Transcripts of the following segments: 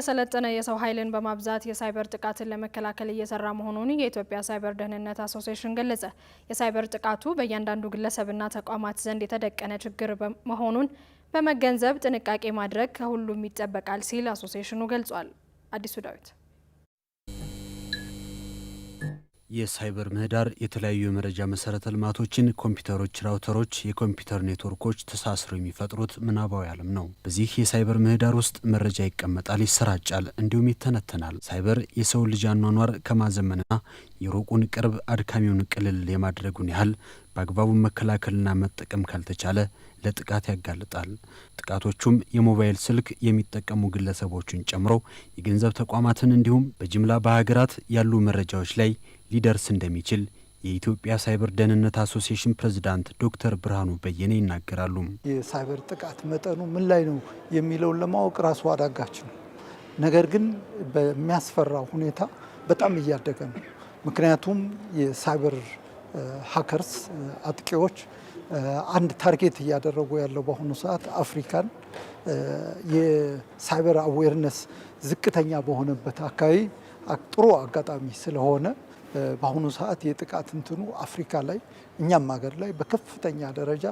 የሰለጠነ የሰው ኃይልን በማብዛት የሳይበር ጥቃትን ለመከላከል እየሰራ መሆኑን የኢትዮጵያ ሳይበር ደህንነት አሶሲዬሽን ገለጸ። የሳይበር ጥቃቱ በእያንዳንዱ ግለሰብና ተቋማት ዘንድ የተደቀነ ችግር መሆኑን በመገንዘብ ጥንቃቄ ማድረግ ከሁሉም ይጠበቃል ሲል አሶሲዬሽኑ ገልጿል። አዲሱ ዳዊት የሳይበር ምህዳር የተለያዩ የመረጃ መሰረተ ልማቶችን፣ ኮምፒውተሮች፣ ራውተሮች፣ የኮምፒውተር ኔትወርኮች ተሳስረው የሚፈጥሩት ምናባዊ ዓለም ነው። በዚህ የሳይበር ምህዳር ውስጥ መረጃ ይቀመጣል፣ ይሰራጫል፣ እንዲሁም ይተነተናል። ሳይበር የሰውን ልጅ አኗኗር ከማዘመንና የሩቁን ቅርብ አድካሚውን ቅልል የማድረጉን ያህል በአግባቡ መከላከልና መጠቀም ካልተቻለ ለጥቃት ያጋልጣል። ጥቃቶቹም የሞባይል ስልክ የሚጠቀሙ ግለሰቦችን ጨምሮ የገንዘብ ተቋማትን እንዲሁም በጅምላ በሀገራት ያሉ መረጃዎች ላይ ሊደርስ እንደሚችል የኢትዮጵያ ሳይበር ደህንነት አሶሲሽን ፕሬዝዳንት ዶክተር ብርሃኑ በየነ ይናገራሉ። የሳይበር ጥቃት መጠኑ ምን ላይ ነው የሚለውን ለማወቅ ራሱ አዳጋች ነው። ነገር ግን በሚያስፈራው ሁኔታ በጣም እያደገ ነው። ምክንያቱም የሳይበር ሀከርስ አጥቂዎች አንድ ታርጌት እያደረጉ ያለው በአሁኑ ሰዓት አፍሪካን የሳይበር አዌርነስ ዝቅተኛ በሆነበት አካባቢ ጥሩ አጋጣሚ ስለሆነ በአሁኑ ሰዓት የጥቃት እንትኑ አፍሪካ ላይ እኛም ሀገር ላይ በከፍተኛ ደረጃ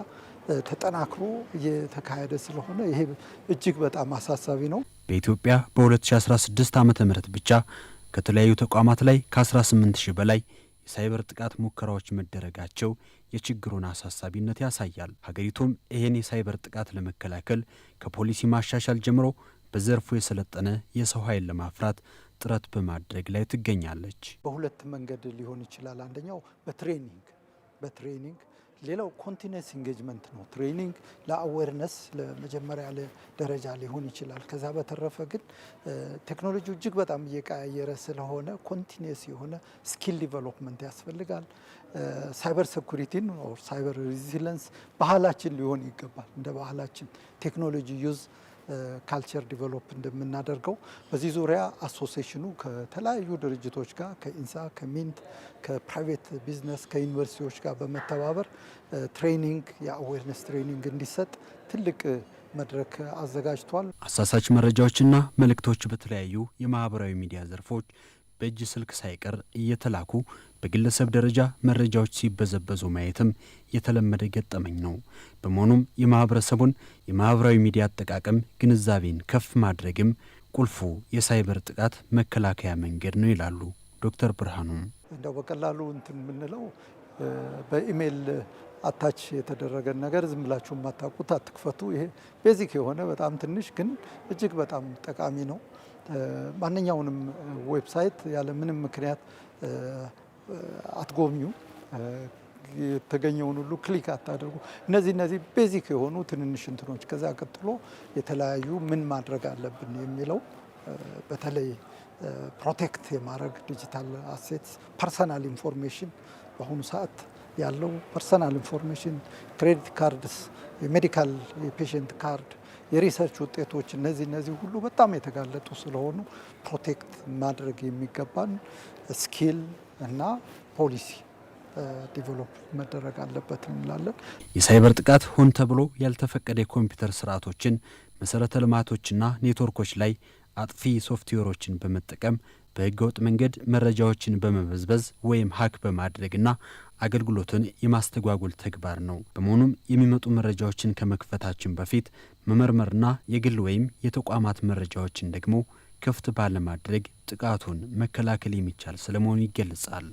ተጠናክሮ እየተካሄደ ስለሆነ ይሄ እጅግ በጣም አሳሳቢ ነው። በኢትዮጵያ በ2016 ዓ ም ብቻ ከተለያዩ ተቋማት ላይ ከ18 ሺህ በላይ የሳይበር ጥቃት ሙከራዎች መደረጋቸው የችግሩን አሳሳቢነት ያሳያል። ሀገሪቱም ይህን የሳይበር ጥቃት ለመከላከል ከፖሊሲ ማሻሻል ጀምሮ በዘርፉ የሰለጠነ የሰው ኃይል ለማፍራት ጥረት በማድረግ ላይ ትገኛለች። በሁለት መንገድ ሊሆን ይችላል። አንደኛው በትሬኒንግ በትሬኒንግ ሌላው ኮንቲነስ ኢንጌጅመንት ነው። ትሬኒንግ ለአዌርነስ ለመጀመሪያ ደረጃ ሊሆን ይችላል። ከዛ በተረፈ ግን ቴክኖሎጂ እጅግ በጣም እየቀያየረ ስለሆነ ኮንቲነስ የሆነ ስኪል ዲቨሎፕመንት ያስፈልጋል። ሳይበር ሴኩሪቲን ኦር ሳይበር ሬዚለንስ ባህላችን ሊሆን ይገባል። እንደ ባህላችን ቴክኖሎጂ ዩዝ ካልቸር ዲቨሎፕ እንደምናደርገው በዚህ ዙሪያ አሶሴሽኑ ከተለያዩ ድርጅቶች ጋር ከኢንሳ፣ ከሚንት፣ ከፕራይቬት ቢዝነስ፣ ከዩኒቨርሲቲዎች ጋር በመተባበር ትሬኒንግ የአዌርነስ ትሬኒንግ እንዲሰጥ ትልቅ መድረክ አዘጋጅቷል። አሳሳች መረጃዎችና መልእክቶች በተለያዩ የማህበራዊ ሚዲያ ዘርፎች በእጅ ስልክ ሳይቀር እየተላኩ በግለሰብ ደረጃ መረጃዎች ሲበዘበዙ ማየትም የተለመደ ገጠመኝ ነው። በመሆኑም የማህበረሰቡን የማህበራዊ ሚዲያ አጠቃቀም ግንዛቤን ከፍ ማድረግም ቁልፉ የሳይበር ጥቃት መከላከያ መንገድ ነው ይላሉ ዶክተር ብርሃኑ። እንደው በቀላሉ እንትን የምንለው በኢሜይል አታች የተደረገን ነገር ዝም ብላችሁ የማታውቁት አትክፈቱ። ይሄ ቤዚክ የሆነ በጣም ትንሽ ግን እጅግ በጣም ጠቃሚ ነው። ማንኛውንም ዌብሳይት ያለ ምንም ምክንያት አትጎብኙ። የተገኘውን ሁሉ ክሊክ አታደርጉ። እነዚህ እነዚህ ቤዚክ የሆኑ ትንንሽ እንትኖች። ከዛ ቀጥሎ የተለያዩ ምን ማድረግ አለብን የሚለው በተለይ ፕሮቴክት የማድረግ ዲጂታል አሴትስ ፐርሰናል ኢንፎርሜሽን በአሁኑ ሰዓት ያለው ፐርሰናል ኢንፎርሜሽን ክሬዲት ካርድስ፣ የሜዲካል የፔሽንት ካርድ የሪሰርች ውጤቶች እነዚህ እነዚህ ሁሉ በጣም የተጋለጡ ስለሆኑ ፕሮቴክት ማድረግ የሚገባን ስኪል እና ፖሊሲ ዲቨሎፕ መደረግ አለበት እንላለን። የሳይበር ጥቃት ሆን ተብሎ ያልተፈቀደ የኮምፒውተር ስርዓቶችን፣ መሰረተ ልማቶችና ኔትወርኮች ላይ አጥፊ ሶፍትዌሮችን በመጠቀም በህገወጥ መንገድ መረጃዎችን በመበዝበዝ ወይም ሀክ በማድረግና አገልግሎትን የማስተጓጎል ተግባር ነው። በመሆኑም የሚመጡ መረጃዎችን ከመክፈታችን በፊት መመርመርና የግል ወይም የተቋማት መረጃዎችን ደግሞ ክፍት ባለማድረግ ጥቃቱን መከላከል የሚቻል ስለመሆኑ ይገልጻል።